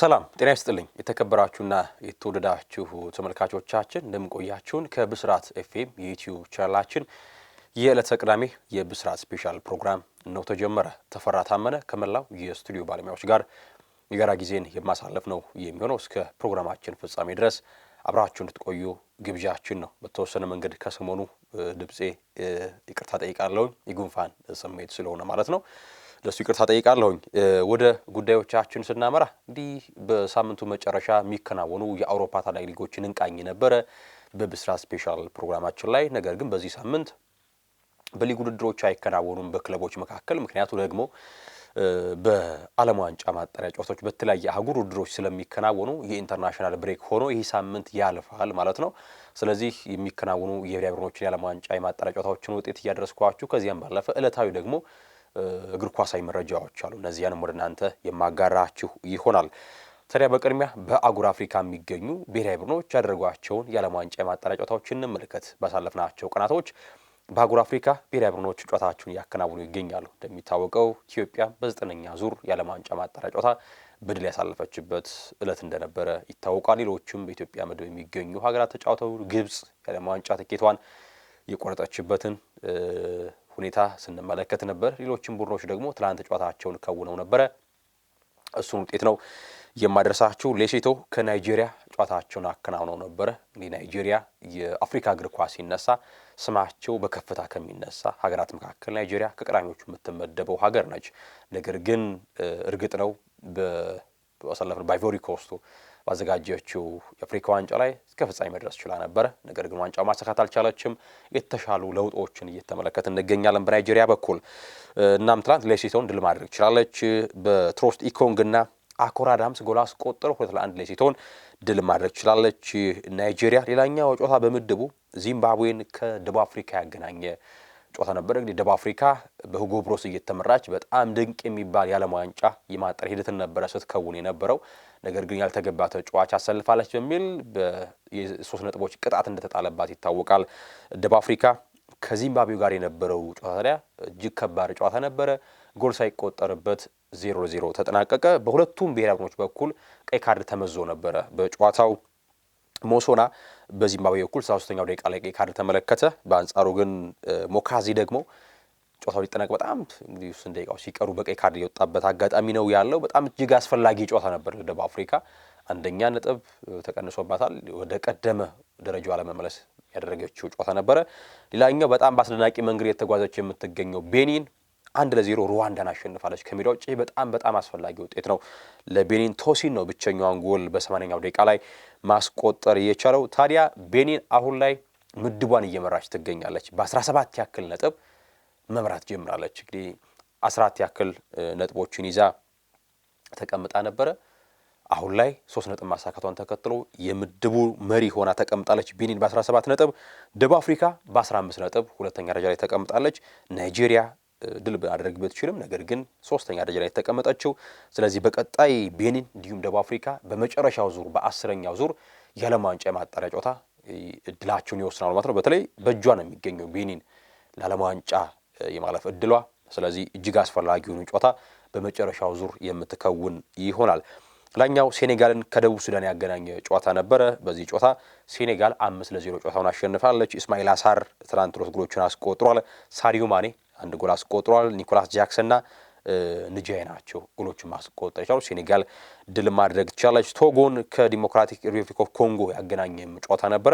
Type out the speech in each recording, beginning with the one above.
ሰላም ጤና ይስጥልኝ። የተከበራችሁና የተወደዳችሁ ተመልካቾቻችን እንደምንቆያችሁን ከብስራት ኤፍኤም የዩትዩብ ቻናላችን የዕለተ ቅዳሜ የብስራት ስፔሻል ፕሮግራም ነው ተጀመረ። ተፈራ ታመነ ከመላው የስቱዲዮ ባለሙያዎች ጋር የጋራ ጊዜን የማሳለፍ ነው የሚሆነው። እስከ ፕሮግራማችን ፍጻሜ ድረስ አብራችሁ እንድትቆዩ ግብዣችን ነው። በተወሰነ መንገድ ከሰሞኑ ድምፄ ይቅርታ ጠይቃለሁ፣ የጉንፋን ስሜት ስለሆነ ማለት ነው። ለሱ ይቅርታ ጠይቃለሁኝ። ወደ ጉዳዮቻችን ስናመራ እንዲህ በሳምንቱ መጨረሻ የሚከናወኑ የአውሮፓ ታላቅ ሊጎችን እንቃኝ ነበረ በብስራት ስፔሻል ፕሮግራማችን ላይ። ነገር ግን በዚህ ሳምንት በሊግ ውድድሮች አይከናወኑም በክለቦች መካከል ምክንያቱ ደግሞ በዓለም ዋንጫ ማጣሪያ ጨዋታዎች በተለያየ አህጉር ውድድሮች ስለሚከናወኑ የኢንተርናሽናል ብሬክ ሆኖ ይህ ሳምንት ያልፋል ማለት ነው። ስለዚህ የሚከናወኑ የብሔራዊ ቡድኖችን የዓለም ዋንጫ የማጣሪያ ጨዋታዎችን ውጤት እያደረስኳችሁ ከዚያም ባለፈ እለታዊ ደግሞ እግር ኳሳዊ መረጃዎች አሉ። እነዚያንም ወደ እናንተ የማጋራችሁ ይሆናል። ታዲያ በቅድሚያ በአጉር አፍሪካ የሚገኙ ብሔራዊ ቡድኖች ያደረጓቸውን የዓለም ዋንጫ የማጣሪያ ጨዋታዎችን እንመልከት። ባሳለፍናቸው ቀናቶች በአጉር አፍሪካ ብሔራዊ ቡድኖች ጨዋታቸውን እያከናወኑ ይገኛሉ። እንደሚታወቀው ኢትዮጵያ በዘጠነኛ ዙር የዓለም ዋንጫ ማጣሪያ ጨዋታ በድል ያሳለፈችበት እለት እንደነበረ ይታወቃል። ሌሎችም በኢትዮጵያ ምድብ የሚገኙ ሀገራት ተጫውተው ግብጽ የዓለም ዋንጫ ትኬቷን የቆረጠችበትን ሁኔታ ስንመለከት ነበር። ሌሎችም ቡድኖች ደግሞ ትላንት ጨዋታቸውን ከውነው ነበረ። እሱን ውጤት ነው የማደርሳችሁ። ሌሴቶ ከናይጄሪያ ጨዋታቸውን አከናውነው ነበረ። እንግዲህ ናይጄሪያ የአፍሪካ እግር ኳስ ሲነሳ ስማቸው በከፍታ ከሚነሳ ሀገራት መካከል ናይጄሪያ ከቀዳሚዎቹ የምትመደበው ሀገር ነች። ነገር ግን እርግጥ ነው ባሳለፍነው በአይቮሪ ኮስቱ ባዘጋጀችው የአፍሪካ ዋንጫ ላይ እስከ ፍጻሜ መድረስ ችላ ነበረ። ነገር ግን ዋንጫው ማሳካት አልቻለችም። የተሻሉ ለውጦችን እየተመለከት እንገኛለን በናይጄሪያ በኩል። እናም ትናንት ሌሲቶን ድል ማድረግ ችላለች። በትሮስት ኢኮንግና አኮራ ዳምስ ጎል አስቆጥሮ ሁለት ለአንድ ሌሲቶን ድል ማድረግ ችላለች ናይጄሪያ። ሌላኛው ጨዋታ በምድቡ ዚምባብዌን ከደቡብ አፍሪካ ያገናኘ ጨዋታ ነበረ። እንግዲህ ደቡብ አፍሪካ በሁጎ ብሮስ እየተመራች በጣም ድንቅ የሚባል የዓለም ዋንጫ የማጠር ሂደትን ነበረ ስትከውን የነበረው። ነገር ግን ያልተገባ ተጫዋች አሰልፋለች በሚል የሶስት ነጥቦች ቅጣት እንደተጣለባት ይታወቃል። ደቡብ አፍሪካ ከዚምባብዌ ጋር የነበረው ጨዋታ ታዲያ እጅግ ከባድ ጨዋታ ነበረ። ጎል ሳይቆጠርበት ዜሮ ለዜሮ ተጠናቀቀ። በሁለቱም ብሔራዊ ቡድኖች በኩል ቀይ ካርድ ተመዞ ነበረ በጨዋታው ሞሶና በዚምባብዌ በኩል ሰላሳ ሶስተኛው ደቂቃ ላይ ቀይ ካርድ ተመለከተ። በአንጻሩ ግን ሞካዚ ደግሞ ጨዋታው ሊጠናቀቅ በጣም እንግዲህ ውስን ደቂቃዎች ሲቀሩ በቀይ ካርድ የወጣበት አጋጣሚ ነው ያለው። በጣም እጅግ አስፈላጊ ጨዋታ ነበር ለደቡብ አፍሪካ። አንደኛ ነጥብ ተቀንሶባታል። ወደ ቀደመ ደረጃ ለመመለስ ያደረገችው ጨዋታ ነበረ። ሌላኛው በጣም በአስደናቂ መንገድ የተጓዘች የምትገኘው ቤኒን አንድ ለዜሮ ሩዋንዳን አሸንፋለች። ከሜዳ ውጭ በጣም በጣም አስፈላጊ ውጤት ነው። ለቤኒን ቶሲን ነው ብቸኛዋን ጎል በሰማንያኛው ደቂቃ ላይ ማስቆጠር የቻለው። ታዲያ ቤኒን አሁን ላይ ምድቧን እየመራች ትገኛለች። በ17 ያክል ነጥብ መምራት ጀምራለች። እንግዲህ 14 ያክል ነጥቦችን ይዛ ተቀምጣ ነበረ። አሁን ላይ ሶስት ነጥብ ማሳካቷን ተከትሎ የምድቡ መሪ ሆና ተቀምጣለች። ቤኒን በ17 ነጥብ፣ ደቡብ አፍሪካ በ15 ነጥብ ሁለተኛ ደረጃ ላይ ተቀምጣለች። ናይጄሪያ ድል አድረግ ብትችልም ነገር ግን ሶስተኛ ደረጃ ላይ የተቀመጠችው። ስለዚህ በቀጣይ ቤኒን እንዲሁም ደቡብ አፍሪካ በመጨረሻው ዙር በአስረኛው ዙር የዓለም ዋንጫ የማጣሪያ ጨዋታ እድላቸውን ይወስናል ማለት ነው። በተለይ በእጇ ነው የሚገኘው ቤኒን ለዓለም ዋንጫ የማለፍ እድሏ። ስለዚህ እጅግ አስፈላጊ ጨዋታ በመጨረሻው ዙር የምትከውን ይሆናል። ላኛው ሴኔጋልን ከደቡብ ሱዳን ያገናኘ ጨዋታ ነበረ። በዚህ ጨዋታ ሴኔጋል አምስት ለዜሮ ጨዋታውን አሸንፋለች። ኢስማኤል አሳር ትናንት ሮት ጎሎችን አስቆጥሯል። ሳዲዮ ማኔ አንድ ጎል አስቆጥሯል። ኒኮላስ ጃክሰንና ንጃይ ናቸው ጎሎችን ማስቆጠር የቻሉ። ሴኔጋል ድል ማድረግ ትቻላች። ቶጎን ከዲሞክራቲክ ሪፐብሊክ ኦፍ ኮንጎ ያገናኘም ጨዋታ ነበረ።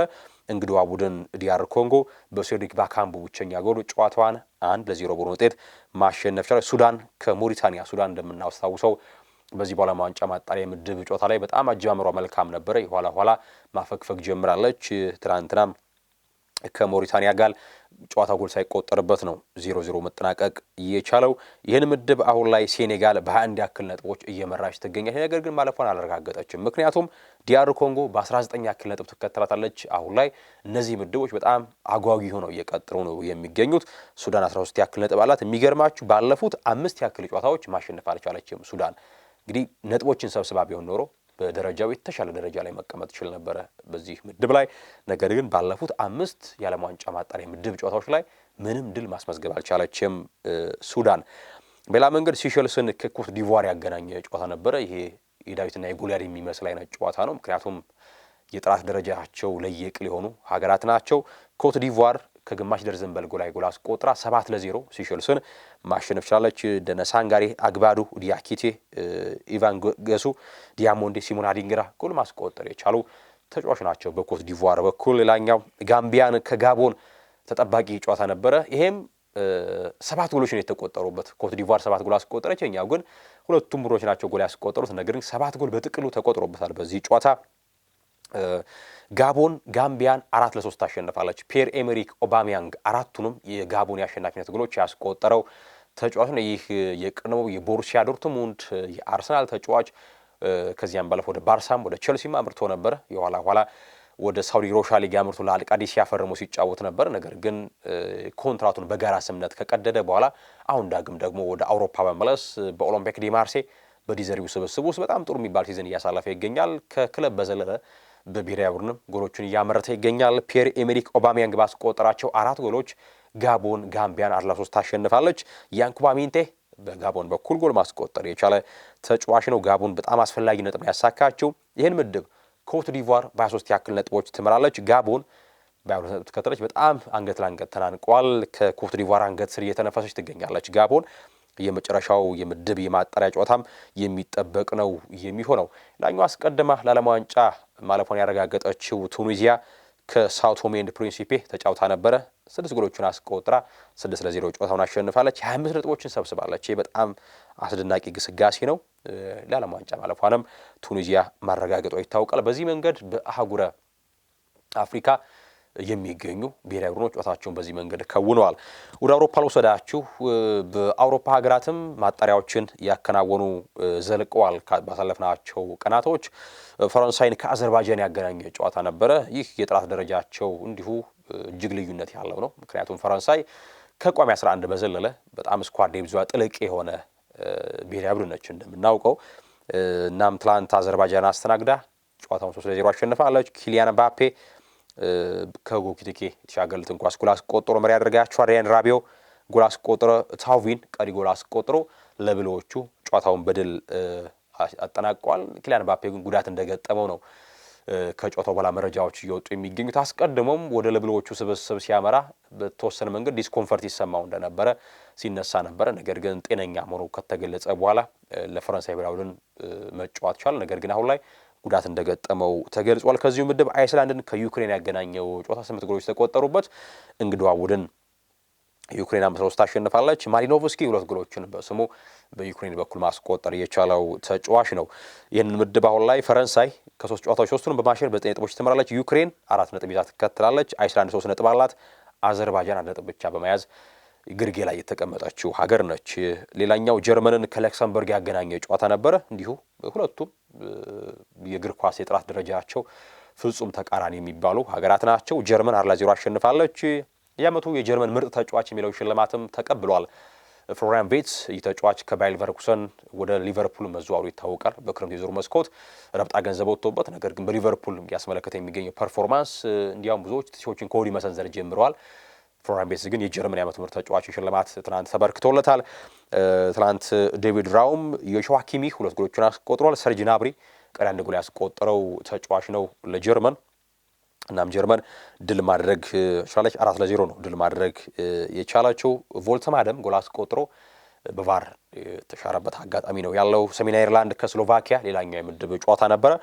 እንግዲዋ ቡድን ዲያር ኮንጎ በሴድሪክ ባካምቡ ብቸኛ ጎል ጨዋታዋን አንድ ለዜሮ በሆነ ውጤት ማሸነፍ ቻለች። ሱዳን ከሞሪታኒያ ሱዳን እንደምናስታውሰው በዚህ በኋላ ዋንጫ ማጣሪያ ምድብ ጨዋታ ላይ በጣም አጀማመሯ መልካም ነበረ። የኋላ ኋላ ማፈግፈግ ጀምራለች። ትናንትና ከሞሪታኒያ ጋር ጨዋታ ጎል ሳይቆጠርበት ነው ዜሮ ዜሮ መጠናቀቅ የቻለው። ይህን ምድብ አሁን ላይ ሴኔጋል በ21 ያክል ነጥቦች እየመራች ትገኛል። ነገር ግን ማለፏን አላረጋገጠችም። ምክንያቱም ዲያር ኮንጎ በ19 ያክል ነጥብ ትከተላታለች። አሁን ላይ እነዚህ ምድቦች በጣም አጓጊ ሆነው እየቀጥሩ ነው የሚገኙት። ሱዳን 13 ያክል ነጥብ አላት። የሚገርማችሁ ባለፉት አምስት ያክል ጨዋታዎች ማሸነፍ አልቻለችም ሱዳን። እንግዲህ ነጥቦችን ሰብስባ ቢሆን ኖሮ በደረጃው የተሻለ ደረጃ ላይ መቀመጥ ችል ነበረ በዚህ ምድብ ላይ። ነገር ግን ባለፉት አምስት የዓለም ዋንጫ ማጣሪያ ምድብ ጨዋታዎች ላይ ምንም ድል ማስመዝገብ አልቻለችም ሱዳን። በሌላ መንገድ ሲሸልስን ከኮት ዲቯር ያገናኘ ጨዋታ ነበረ። ይሄ የዳዊትና የጎልያድ የሚመስል አይነት ጨዋታ ነው። ምክንያቱም የጥራት ደረጃቸው ለየቅል የሆኑ ሀገራት ናቸው። ኮት ዲቯር ከግማሽ ደርዘን በልጎ ላይ ጎል አስቆጥራ ሰባት ለዜሮ ሲሸልስን ማሸነፍ ችላለች። ደነ ሳንጋሬ፣ አግባዱ፣ ዲያኪቴ፣ ኢቫን ገሱ፣ ዲያሞንዴ፣ ሲሞን አዲንግራ ጎል ማስቆጠር የቻሉ ተጫዋች ናቸው። በኮት ዲቮር በኩል ሌላኛው ጋምቢያን ከጋቦን ተጠባቂ ጨዋታ ነበረ። ይሄም ሰባት ጎሎች ነው የተቆጠሩበት። ኮት ዲቮር ሰባት ጎል አስቆጠረች። እኛው ግን ሁለቱም ቡድኖች ናቸው ጎል ያስቆጠሩት። ነገር ግን ሰባት ጎል በጥቅሉ ተቆጥሮበታል በዚህ ጨዋታ ጋቦን ጋምቢያን አራት ለሶስት አሸንፋለች። ፒየር ኤሜሪክ ኦባሚያንግ አራቱንም የጋቦን የአሸናፊነት ጎሎች ያስቆጠረው ተጫዋች ነው። ይህ የቀድሞው የቦሩሲያ ዶርትሙንድ የአርሰናል ተጫዋች ከዚያም ባለፈ ወደ ባርሳም ወደ ቸልሲም አምርቶ ነበር። የኋላ ኋላ ወደ ሳውዲ ሮሻ ሊግ አምርቶ ለአልቃዲ ሲያፈርሙ ሲጫወት ነበር። ነገር ግን ኮንትራቱን በጋራ ስምነት ከቀደደ በኋላ አሁን ዳግም ደግሞ ወደ አውሮፓ በመለስ በኦሎምፒክ ዲ ማርሴ በዲዘሪው ስብስብ ውስጥ በጣም ጥሩ የሚባል ሲዝን እያሳለፈ ይገኛል። ከክለብ በዘለለ በብሔራዊ ቡድንም ጎሎቹን እያመረተ ይገኛል። ፒየር ኤሜሪክ ኦባሚያንግ ባስቆጠራቸው አራት ጎሎች ጋቦን ጋምቢያን አራት ለሶስት ታሸንፋለች። ያንኩባ ሚንቴ በጋቦን በኩል ጎል ማስቆጠር የቻለ ተጫዋች ነው። ጋቦን በጣም አስፈላጊ ነጥብ ያሳካቸው ይህን ምድብ ኮት ዲቫር በ23 ያክል ነጥቦች ትመራለች። ጋቦን በ በሁለት ነጥብ ትከተለች። በጣም አንገት ለአንገት ተናንቋል። ከኮት ዲቫር አንገት ስር እየተነፈሰች ትገኛለች ጋቦን የመጨረሻው የምድብ የማጣሪያ ጨዋታም የሚጠበቅ ነው የሚሆነው። ላኛው አስቀድማ ለዓለም ዋንጫ ማለፏን ያረጋገጠችው ቱኒዚያ ከሳው ቶሜ ኤንድ ፕሪንሲፔ ተጫውታ ነበረ። ስድስት ጎሎቹን አስቆጥራ ስድስት ለዜሮ ጨዋታውን አሸንፋለች። ሀያ አምስት ነጥቦችን ሰብስባለች። ይህ በጣም አስደናቂ ግስጋሴ ነው። ለዓለም ዋንጫ ማለፏንም ቱኒዚያ ማረጋገጧ ይታወቃል። በዚህ መንገድ በአህጉረ አፍሪካ የሚገኙ ብሔራዊ ቡድኖች ጨዋታቸውን በዚህ መንገድ ከውነዋል። ወደ አውሮፓ ልውሰዳችሁ። በአውሮፓ ሀገራትም ማጣሪያዎችን ያከናወኑ ዘልቀዋል። ባሳለፍናቸው ቀናቶች ፈረንሳይን ከአዘርባጃን ያገናኘ ጨዋታ ነበረ። ይህ የጥራት ደረጃቸው እንዲሁ እጅግ ልዩነት ያለው ነው። ምክንያቱም ፈረንሳይ ከቋሚ 11 በዘለለ በጣም ስኳድ ብዙ ጥልቅ የሆነ ብሔራዊ ቡድን ነች እንደምናውቀው። እናም ትላንት አዘርባጃን አስተናግዳ ጨዋታውን ሶስት ለዜሮ አሸንፋለች። ኪሊያን ባፔ ከጎኪቲኬ የተሻገሉትን ኳስ ጎል አስቆጥሮ መሪ ያደርጋቸው አድሪያን ራቢዮ ጎል አስቆጥሮ ታውቪን ቀሪ ጎል አስቆጥሮ ለብሎዎቹ ጨዋታውን በድል አጠናቋል። ኪሊያን ባፔ ግን ጉዳት እንደገጠመው ነው ከጨዋታው በኋላ መረጃዎች እየወጡ የሚገኙት። አስቀድሞም ወደ ለብሎዎቹ ስብስብ ሲያመራ በተወሰነ መንገድ ዲስኮንፈርት ይሰማው እንደነበረ ሲነሳ ነበረ። ነገር ግን ጤነኛ መሆኑ ከተገለጸ በኋላ ለፈረንሳይ ብሔራዊ ቡድን መጫወት ቻለ። ነገር ግን አሁን ላይ ጉዳት እንደገጠመው ተገልጿል። ከዚሁ ምድብ አይስላንድን ከዩክሬን ያገናኘው ጨዋታ ስምንት ጎሎች ተቆጠሩበት። እንግዳዋ ቡድን ዩክሬን አምስት ለሶስት አሸንፋለች። ማሊኖቭስኪ ሁለት ጎሎችን በስሙ በዩክሬን በኩል ማስቆጠር የቻለው ተጫዋች ነው። ይህንን ምድብ አሁን ላይ ፈረንሳይ ከሶስት ጨዋታዎች ሶስቱን በማሸነፍ በዘጠኝ ነጥቦች ትመራለች። ዩክሬን አራት ነጥብ ይዛ ትከትላለች። አይስላንድ ሶስት ነጥብ አላት። አዘርባጃን አንድ ነጥብ ብቻ በመያዝ ግርጌ ላይ የተቀመጠችው ሀገር ነች። ሌላኛው ጀርመንን ከለክሰምበርግ ያገናኘ ጨዋታ ነበረ። እንዲሁ ሁለቱም የእግር ኳስ የጥራት ደረጃቸው ፍጹም ተቃራኒ የሚባሉ ሀገራት ናቸው። ጀርመን አራት ለዜሮ አሸንፋለች። የዓመቱ የጀርመን ምርጥ ተጫዋች የሚለው ሽልማትም ተቀብሏል። ፍሎሪያን ቤትስ ይህ ተጫዋች ከባየር ሌቨርኩሰን ወደ ሊቨርፑል መዘዋሩ ይታወቃል። በክረምት የዞሩ መስኮት ረብጣ ገንዘብ ወጥቶበት፣ ነገር ግን በሊቨርፑል ያስመለከተ የሚገኘው ፐርፎርማንስ እንዲያውም ብዙዎች ሺዎችን ከወዲህ መሰንዘር ጀምረዋል። ፍሎሪያን ቤትዝ ግን የጀርመን የዓመቱ ምርጥ ተጫዋች ሽልማት ትናንት ተበርክቶለታል። ትናንት ዴቪድ ራውም የሸዋኪሚ ሁለት ጎሎችን አስቆጥሯል። ሰርጅ ናብሪ ቀሪ አንድ ጎል ያስቆጠረው ተጫዋች ነው ለጀርመን። እናም ጀርመን ድል ማድረግ ችላለች። አራት ለዜሮ ነው ድል ማድረግ የቻላቸው። ቮልተማደም ጎል አስቆጥሮ በቫር የተሻረበት አጋጣሚ ነው ያለው። ሰሜን አይርላንድ ከስሎቫኪያ ሌላኛው የምድብ ጨዋታ ነበረ።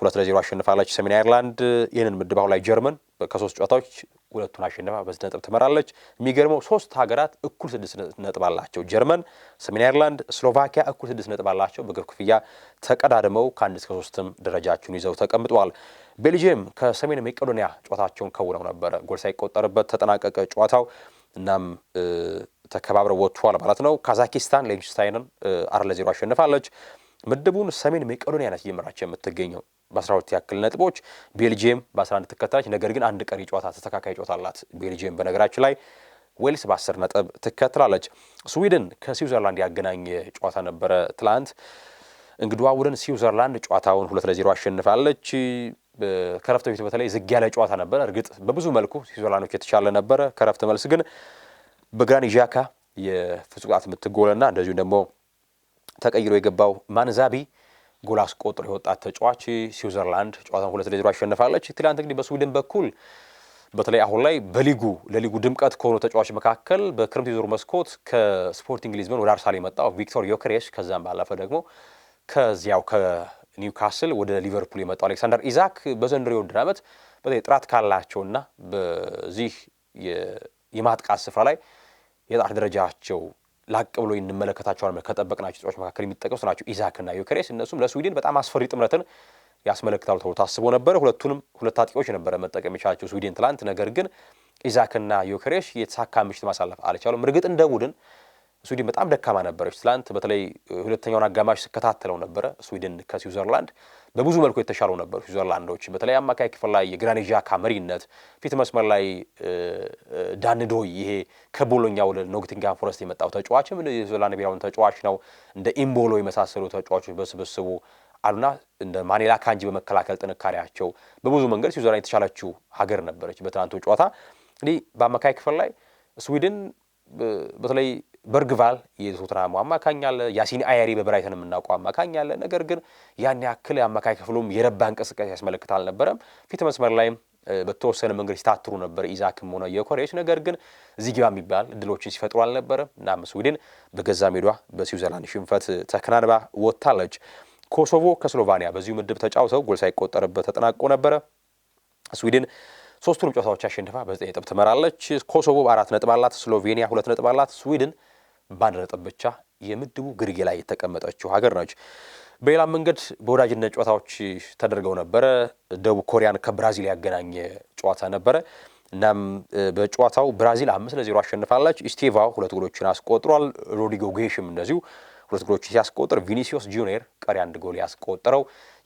ሁለት ለዜሮ አሸንፋለች ሰሜን አየርላንድ። ይህንን ምድብ አሁን ላይ ጀርመን ከሶስት ጨዋታዎች ሁለቱን አሸንፋ በስድስት ነጥብ ትመራለች። የሚገርመው ሶስት ሀገራት እኩል ስድስት ነጥብ አላቸው። ጀርመን፣ ሰሜን አየርላንድ፣ ስሎቫኪያ እኩል ስድስት ነጥብ አላቸው። በግብ ክፍያ ተቀዳድመው ከአንድ እስከ ሶስትም ደረጃቸውን ይዘው ተቀምጠዋል። ቤልጅየም ከሰሜን መቄዶንያ ጨዋታቸውን ከውነው ነበረ። ጎል ሳይቆጠርበት ተጠናቀቀ ጨዋታው። እናም ተከባብረው ወጥቷል ማለት ነው። ካዛኪስታን ሌንችስታይንን አራት ለዜሮ አሸንፋለች። ምድቡን ሰሜን መቄዶንያ ናት እየመራች የምትገኘው። በ12 ያክል ነጥቦች ቤልጅየም በ11 ትከተላለች። ነገር ግን አንድ ቀሪ ጨዋታ ተስተካካይ ጨዋታ አላት ቤልጅየም። በነገራችን ላይ ዌልስ በ10 ነጥብ ትከተላለች። ስዊድን ከስዊዘርላንድ ያገናኘ ጨዋታ ነበረ ትላንት። እንግዲዋ ቡድን ስዊዘርላንድ ጨዋታውን ሁለት ለዜሮ አሸንፋለች። ከረፍት በፊት በተለይ ዝግ ያለ ጨዋታ ነበረ። እርግጥ በብዙ መልኩ ስዊዘርላንዶች የተሻለ ነበረ። ከረፍት መልስ ግን በግራኒት ዣካ የፍጹም ቅጣት ምት እንደዚሁም ደግሞ ተቀይሮ የገባው ማንዛቢ ጎል አስቆጥሮ የወጣት ተጫዋች ስዊዘርላንድ ጨዋታን ሁለት ለዜሮ አሸንፋለች። ትላንት እንግዲህ በስዊድን በኩል በተለይ አሁን ላይ በሊጉ ለሊጉ ድምቀት ከሆኑ ተጫዋች መካከል በክረምት የዞሩ መስኮት ከስፖርቲንግ ሊዝበን ወደ አርሳል የመጣው ቪክቶር ዮክሬሽ ከዛም ባለፈ ደግሞ ከዚያው ከኒውካስል ወደ ሊቨርፑል የመጣው አሌክሳንደር ኢዛክ በዘንድሮ የውድድር ዓመት በተለይ ጥራት ካላቸውና በዚህ የማጥቃት ስፍራ ላይ የጣር ደረጃቸው ላቅ ብሎ እንመለከታቸዋል። ከጠበቅናቸው ተጫዋቾች መካከል የሚጠቀሱ ናቸው ኢዛክና ዮከሬስ እነሱም ለስዊድን በጣም አስፈሪ ጥምረትን ያስመለክታሉ ተብሎ ታስቦ ነበረ። ሁለቱንም ሁለት አጥቂዎች ነበረ መጠቀም የቻላቸው ስዊድን ትላንት። ነገር ግን ኢዛክና ዮከሬስ የተሳካ ምሽት ማሳለፍ አልቻሉም። እርግጥ እንደ ቡድን ስዊድን በጣም ደካማ ነበረች። ትላንት በተለይ ሁለተኛውን አጋማሽ ስከታተለው ነበረ። ስዊድን ከስዊዘርላንድ በብዙ መልኩ የተሻሉ ነበሩ። ስዊዘርላንዶች በተለይ አማካይ ክፍል ላይ የግራኒት ዣካ መሪነት፣ ፊት መስመር ላይ ዳንዶይ ይሄ ከቦሎኛ ወደ ኖቲንግሃም ፎረስት የመጣው ተጫዋችም የስዊዘርላንድ ብሔራዊ ተጫዋች ነው። እንደ ኢምቦሎ የመሳሰሉ ተጫዋቾች በስብስቡ አሉና እንደ ማኔላ ካንጂ በመከላከል ጥንካሬያቸው በብዙ መንገድ ስዊዘርላንድ የተሻለችው ሀገር ነበረች። በትናንቱ ጨዋታ እንዲህ በአማካይ ክፍል ላይ ስዊድን በተለይ በርግቫል የቶትናሙ አማካኝ አለ። ያሲን አያሪ በብራይተን የምናውቀው አማካኝ አለ። ነገር ግን ያን ያክል የአማካይ ክፍሉም የረባ እንቅስቃሴ ያስመለክት አልነበረም። ፊት መስመር ላይ በተወሰነ መንገድ ሲታትሩ ነበር ኢዛክም ሆነ የኮሬች። ነገር ግን እዚህ ግባ የሚባል እድሎችን ሲፈጥሩ አልነበረም። እናም ስዊድን በገዛ ሜዷ በስዊዘርላንድ ሽንፈት ተከናንባ ወጥታለች። ኮሶቮ ከስሎቫኒያ በዚሁ ምድብ ተጫውተው ጎል ሳይቆጠርበት ተጠናቆ ነበረ። ስዊድን ሶስቱንም ጨዋታዎች አሸንፋ በዘጠኝ ነጥብ ትመራለች። ኮሶቮ በአራት ነጥብ አላት። ስሎቬኒያ ሁለት ነጥብ አላት። ስዊድን ባደረጠብ ብቻ የምድቡ ግርጌ ላይ የተቀመጠችው ሀገር ነች። በሌላም መንገድ በወዳጅነት ጨዋታዎች ተደርገው ነበረ። ደቡብ ኮሪያን ከብራዚል ያገናኘ ጨዋታ ነበረ። እናም በጨዋታው ብራዚል አምስት ለዜሮ አሸንፋለች። ኢስቴቫው ሁለት ጎሎችን አስቆጥሯል። ሮድሪጎ ጌሽም እንደዚሁ ሁለት ጎሎችን ሲያስቆጥር ቪኒሲዮስ ጁኒየር ቀሪ አንድ ጎል ያስቆጠረው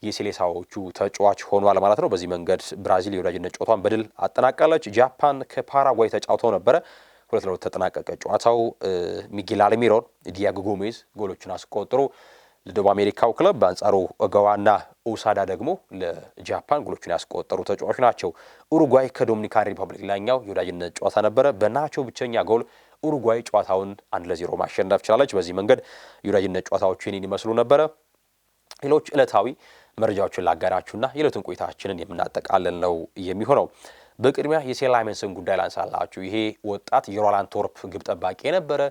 የሴሌሳዎቹ ተጫዋች ሆኗል ማለት ነው። በዚህ መንገድ ብራዚል የወዳጅነት ጨዋታን በድል አጠናቃለች። ጃፓን ከፓራጓይ ተጫውተው ነበረ። ሁለት ለሁለት ተጠናቀቀ ጨዋታው። ሚጌል አልሚሮን፣ ዲያጎ ጎሜዝ ጎሎቹን አስቆጥሮ ለደቡብ አሜሪካው ክለብ፣ በአንጻሩ ኦጋዋና ኡሳዳ ደግሞ ለጃፓን ጎሎቹን ያስቆጠሩ ተጫዋች ናቸው። ኡሩጓይ ከዶሚኒካን ሪፐብሊክ ላኛው የወዳጅነት ጨዋታ ነበረ። በናቸው ብቸኛ ጎል ኡሩጓይ ጨዋታውን አንድ ለዜሮ ማሸነፍ ችላለች። በዚህ መንገድ የወዳጅነት ጨዋታዎች ይህንን ይመስሉ ነበረ። ሌሎች ዕለታዊ መረጃዎችን ላጋራችሁና የዕለቱን ቆይታችንን የምናጠቃልል ነው የሚሆነው። በቅድሚያ የሴላሜንስን ጉዳይ ላንሳላችሁ። ይሄ ወጣት የሮላን ቶርፕ ግብ ጠባቂ የነበረ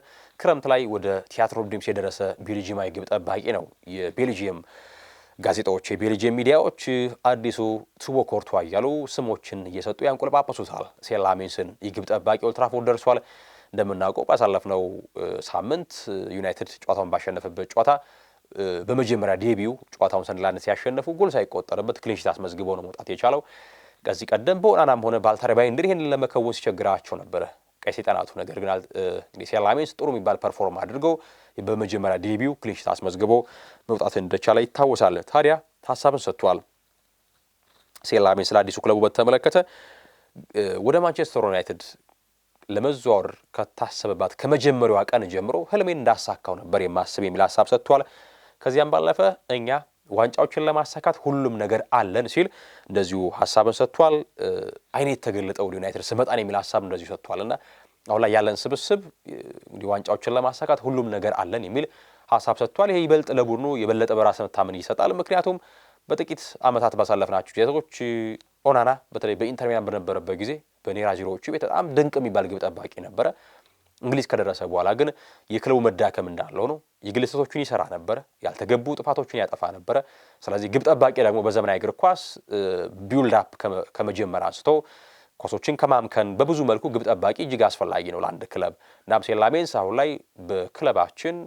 ክረምት ላይ ወደ ቲያትሮ ድምስ የደረሰ ቤልጂማዊ ግብ ጠባቂ ነው። የቤልጅየም ጋዜጣዎች፣ የቤልጅየም ሚዲያዎች አዲሱ ቱቦ ኮርቷ እያሉ ስሞችን እየሰጡ ያንቆለጳጳሱታል። ሴላሜንስን የግብ ጠባቂ ኦልትራፎርድ ደርሷል። እንደምናውቀው ባሳለፍነው ሳምንት ዩናይትድ ጨዋታውን ባሸነፈበት ጨዋታ በመጀመሪያ ዴቢው ጨዋታውን ሰንድ ሲያሸነፉ ጎል ሳይቆጠርበት ክሊንሽት አስመዝግቦ ነው መውጣት የቻለው። ከዚህ ቀደም በኦናናም ሆነ በአልታሪባይ እንድር ይህንን ለመከወን ሲቸግራቸው ነበረ ቀይ ሰይጣናቱ። ነገር ግን እንግዲህ ሴላሜንስ ጥሩ የሚባል ፐርፎርም አድርገው በመጀመሪያ ዴቢው ክሊንሺት አስመዝግቦ መውጣት እንደቻለ ይታወሳል። ታዲያ ሀሳብን ሰጥቷል። ሴላሜንስ ስለ አዲሱ ክለቡ በተመለከተ ወደ ማንቸስተር ዩናይትድ ለመዘዋወር ከታሰበባት ከመጀመሪያዋ ቀን ጀምሮ ህልሜን እንዳሳካው ነበር የማስብ የሚል ሀሳብ ሰጥቷል። ከዚያም ባለፈ እኛ ዋንጫዎችን ለማሳካት ሁሉም ነገር አለን ሲል እንደዚሁ ሀሳብን ሰጥቷል። አይኔ የተገለጠው ዩናይትድ ስመጣን የሚል ሀሳብ እንደዚሁ ሰጥቷል እና አሁን ላይ ያለን ስብስብ እንግዲህ ዋንጫዎችን ለማሳካት ሁሉም ነገር አለን የሚል ሀሳብ ሰጥቷል። ይሄ ይበልጥ ለቡድኑ የበለጠ በራስ መታመን ይሰጣል። ምክንያቱም በጥቂት ዓመታት ባሳለፍናቸው ጀቶች ኦናና በተለይ በኢንተር ሚላን በነበረበት ጊዜ በኔራ ዚሮዎቹ ቤት በጣም ድንቅ የሚባል ግብ ጠባቂ ነበረ። እንግሊዝ ከደረሰ በኋላ ግን የክለቡ መዳከም እንዳለው ነው። የግል ስህተቶችን ይሰራ ነበረ፣ ያልተገቡ ጥፋቶችን ያጠፋ ነበረ። ስለዚህ ግብ ጠባቂ ደግሞ በዘመናዊ እግር ኳስ ቢውልድ አፕ ከመጀመር አንስቶ ኳሶችን ከማምከን በብዙ መልኩ ግብ ጠባቂ እጅግ አስፈላጊ ነው ለአንድ ክለብ። እናም ሴላሜንስ ላሜንስ አሁን ላይ በክለባችን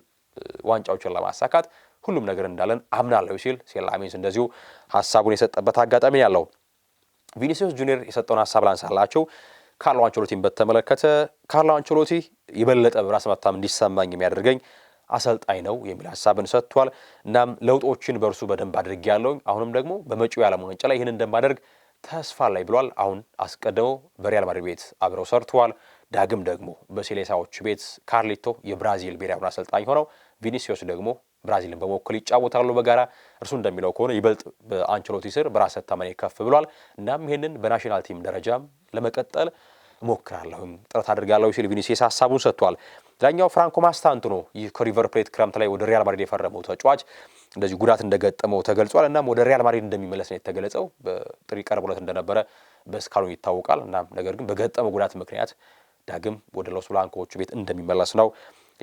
ዋንጫዎችን ለማሳካት ሁሉም ነገር እንዳለን አምናለሁ ሲል ሴላሜንስ እንደዚሁ ሀሳቡን የሰጠበት አጋጣሚ ያለው ቪኒሲዮስ ጁኒየር የሰጠውን ሀሳብ ላንሳላቸው። ካርሎ አንቸሎቲን በተመለከተ ካርሎ አንቸሎቲ የበለጠ በራስ መታም እንዲሰማኝ የሚያደርገኝ አሰልጣኝ ነው የሚል ሀሳብን ሰጥቷል። እናም ለውጦችን በእርሱ በደንብ አድርግ ያለውኝ አሁንም ደግሞ በመጪው የዓለም ዋንጫ ላይ ይህን እንደማደርግ ተስፋ ላይ ብሏል። አሁን አስቀድሞ በሪያል ማድሪድ ቤት አብረው ሰርተዋል። ዳግም ደግሞ በሴሌሳዎች ቤት ካርሊቶ የብራዚል ብሔራዊ አሰልጣኝ ሆነው ቪኒሲዮስ ደግሞ ብራዚልን በመወከል ይጫወታሉ በጋራ። እርሱ እንደሚለው ከሆነ ይበልጥ በአንቸሎቲ ስር በራስ መተማመኔ ከፍ ብሏል። እናም ይህንን በናሽናል ቲም ደረጃም ለመቀጠል እሞክራለሁም ጥረት አድርጋለሁ ሲል ቪኒሲየስ ሀሳቡን ሰጥቷል። ሌላኛው ፍራንኮ ማስታንቱ ነው። ይህ ከሪቨር ፕሌት ክረምት ላይ ወደ ሪያል ማድሪድ የፈረመው ተጫዋች እንደዚህ ጉዳት እንደገጠመው ተገልጿል። እናም ወደ ሪያል ማድሪድ እንደሚመለስ ነው የተገለጸው። በጥሪ ቀርቦለት እንደነበረ በስካሉን ይታወቃል። እናም ነገር ግን በገጠመው ጉዳት ምክንያት ዳግም ወደ ሎስ ብላንኮዎቹ ቤት እንደሚመለስ ነው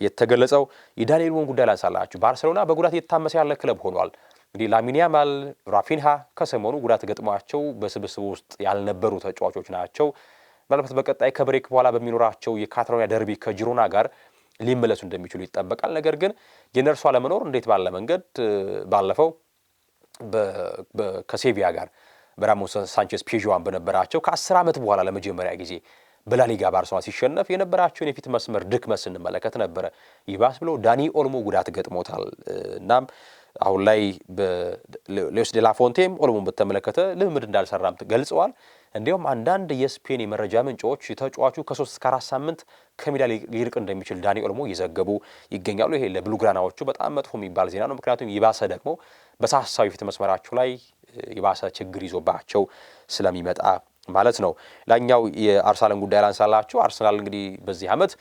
የተገለጸው። የዳንኤል ሞን ጉዳይ ላንሳላችሁ። ባርሴሎና በጉዳት እየታመሰ ያለ ክለብ ሆኗል። እንግዲህ ላሚን ያማል፣ ራፊንሃ ከሰሞኑ ጉዳት ገጥሟቸው በስብስቡ ውስጥ ያልነበሩ ተጫዋቾች ናቸው። ምናልባት በቀጣይ ከብሬክ በኋላ በሚኖራቸው የካታሎኒያ ደርቢ ከጅሮና ጋር ሊመለሱ እንደሚችሉ ይጠበቃል። ነገር ግን የነርሱ አለመኖር እንዴት ባለ መንገድ ባለፈው ከሴቪያ ጋር በራሞን ሳንቼዝ ፔዥዋን በነበራቸው ከአስር ዓመት በኋላ ለመጀመሪያ ጊዜ በላሊጋ ባርሳዋ ሲሸነፍ የነበራቸውን የፊት መስመር ድክመት ስንመለከት ነበረ። ይባስ ብሎ ዳኒ ኦልሞ ጉዳት ገጥሞታል። እናም አሁን ላይ ሌዎስ ዴላፎንቴም ኦልሞን በተመለከተ ልምምድ እንዳልሰራም ገልጸዋል። እንዲሁም አንዳንድ የስፔን የመረጃ ምንጮች ተጫዋቹ ከሶስት እስከ አራት ሳምንት ከሜዳ ሊርቅ እንደሚችል ዳኒ ኦልሞ እየዘገቡ ይገኛሉ። ይሄ ለብሉግራናዎቹ በጣም መጥፎ የሚባል ዜና ነው። ምክንያቱም ይባሰ ደግሞ በሳሳዊ ፊት መስመራቸው ላይ የባሰ ችግር ይዞባቸው ስለሚመጣ ማለት ነው። ላኛው የአርሰናልን ጉዳይ ላንሳላችሁ። አርሰናል እንግዲህ በዚህ ዓመት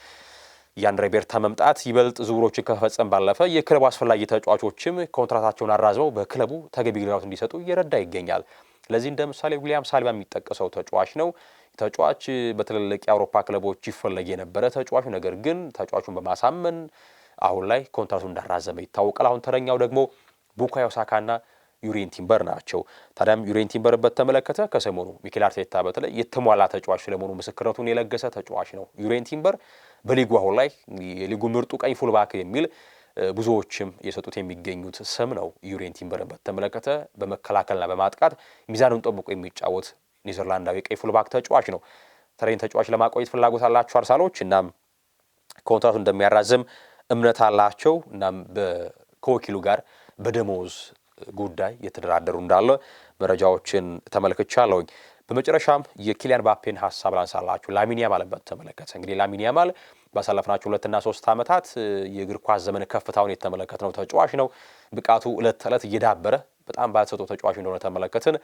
የአንድሬ ቤርታ መምጣት ይበልጥ ዝውውሮችን ከፈጸም ባለፈ የክለቡ አስፈላጊ ተጫዋቾችም ኮንትራታቸውን አራዝመው በክለቡ ተገቢ ግልጋሎት እንዲሰጡ እየረዳ ይገኛል። ለዚህ እንደ ምሳሌ ዊሊያም ሳሊባ የሚጠቀሰው ተጫዋች ነው። ተጫዋች በትልልቅ የአውሮፓ ክለቦች ይፈለግ የነበረ ተጫዋች፣ ነገር ግን ተጫዋቹን በማሳመን አሁን ላይ ኮንትራቱ እንዳራዘመ ይታወቃል። አሁን ተረኛው ደግሞ ቡካዮ ሳካና ዩሬን ቲምበር ናቸው። ታዲያም ዩሬን ቲምበር በተመለከተ ከሰሞኑ ሚኬል አርቴታ በተለይ የተሟላ ተጫዋች ስለመሆኑ ምስክርነቱን የለገሰ ተጫዋች ነው። ዩሬን ቲምበር በሊጉ አሁን ላይ የሊጉ ምርጡ ቀኝ ፉልባክ የሚል ብዙዎችም የሰጡት የሚገኙት ስም ነው። ዩሬን ቲምበርን በተመለከተ በመከላከልና በማጥቃት ሚዛኑን ጠብቆ የሚጫወት ኔዘርላንዳዊ ቀይ ፉልባክ ተጫዋች ነው። ተረኝ ተጫዋች ለማቆየት ፍላጎት አላቸው አርሳሎች። እናም ኮንትራቱ እንደሚያራዝም እምነት አላቸው። እናም ከወኪሉ ጋር በደሞዝ ጉዳይ እየተደራደሩ እንዳለ መረጃዎችን ተመልክቻለሁኝ። በመጨረሻም የኪሊያን ባፔን ሀሳብ ላንሳላችሁ። ላሚን ያማልን በተመለከተ እንግዲህ ላሚን ያማል ባሳለፍናቸው ሁለትና ሶስት ዓመታት የእግር ኳስ ዘመን ከፍታውን የተመለከትነው ተጫዋች ነው። ብቃቱ ዕለት ተዕለት እየዳበረ በጣም ባልሰጠው ተጫዋች እንደሆነ ተመለከትን።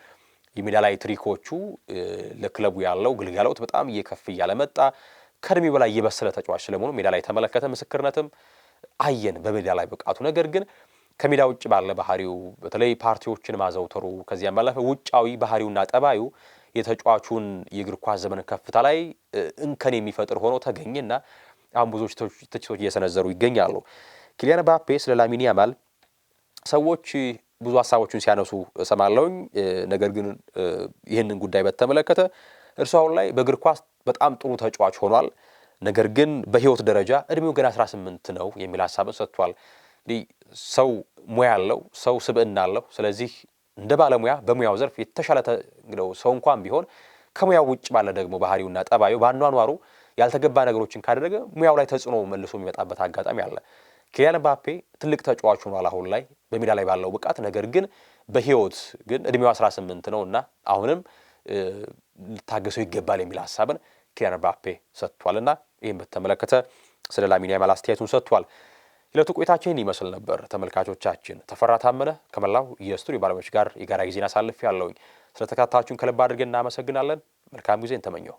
የሜዳ ላይ ትሪኮቹ፣ ለክለቡ ያለው ግልጋሎት በጣም እየከፍ እያለ መጣ። በላይ እየበሰለ ተጫዋች ስለመሆኑ ሜዳ ላይ የተመለከተ ምስክርነትም አየን በሜዳ ላይ ብቃቱ ነገር ግን ከሜዳ ውጭ ባለ ባህሪው በተለይ ፓርቲዎችን ማዘውተሩ ከዚያም ባለፈ ውጫዊ ባህሪውና ጠባዩ የተጫዋቹን የእግር ኳስ ዘመን ከፍታ ላይ እንከን የሚፈጥር ሆኖ ተገኘና አሁን ብዙዎች ትችቶች እየሰነዘሩ ይገኛሉ። ኪሊያን ባፔ ስለ ላሚን ያማል ሰዎች ብዙ ሀሳቦችን ሲያነሱ እሰማለውኝ። ነገር ግን ይህንን ጉዳይ በተመለከተ እርሱ አሁን ላይ በእግር ኳስ በጣም ጥሩ ተጫዋች ሆኗል፣ ነገር ግን በህይወት ደረጃ እድሜው ገና 18 ነው የሚል ሀሳብን ሰጥቷል። ሰው ሙያ አለው፣ ሰው ስብዕና አለው። ስለዚህ እንደ ባለሙያ በሙያው ዘርፍ የተሻለ ሰው እንኳን ቢሆን ከሙያው ውጭ ባለ ደግሞ ባህሪውና ጠባዩ በአኗኗሩ ያልተገባ ነገሮችን ካደረገ ሙያው ላይ ተጽዕኖ መልሶ የሚመጣበት አጋጣሚ አለ። ኪሊያን ምባፔ ትልቅ ተጫዋች ሆኗል አሁን ላይ በሜዳ ላይ ባለው ብቃት። ነገር ግን በህይወት ግን እድሜው 18 ነው እና አሁንም ልታገሰው ይገባል የሚል ሀሳብን ኪሊያን ምባፔ ሰጥቷል እና ይህም በተመለከተ ስለ ላሚን ያማል አስተያየቱን ሰጥቷል። ለቱ ቆይታችን ይመስል ነበር። ተመልካቾቻችን ተፈራ ታመነ ከመላው የስቱዲዮ ባለሙያዎች ጋር የጋራ ጊዜን አሳልፍ ያለውኝ ስለተከታታችሁን ከልብ አድርገን እናመሰግናለን። መልካም ጊዜን ተመኘው።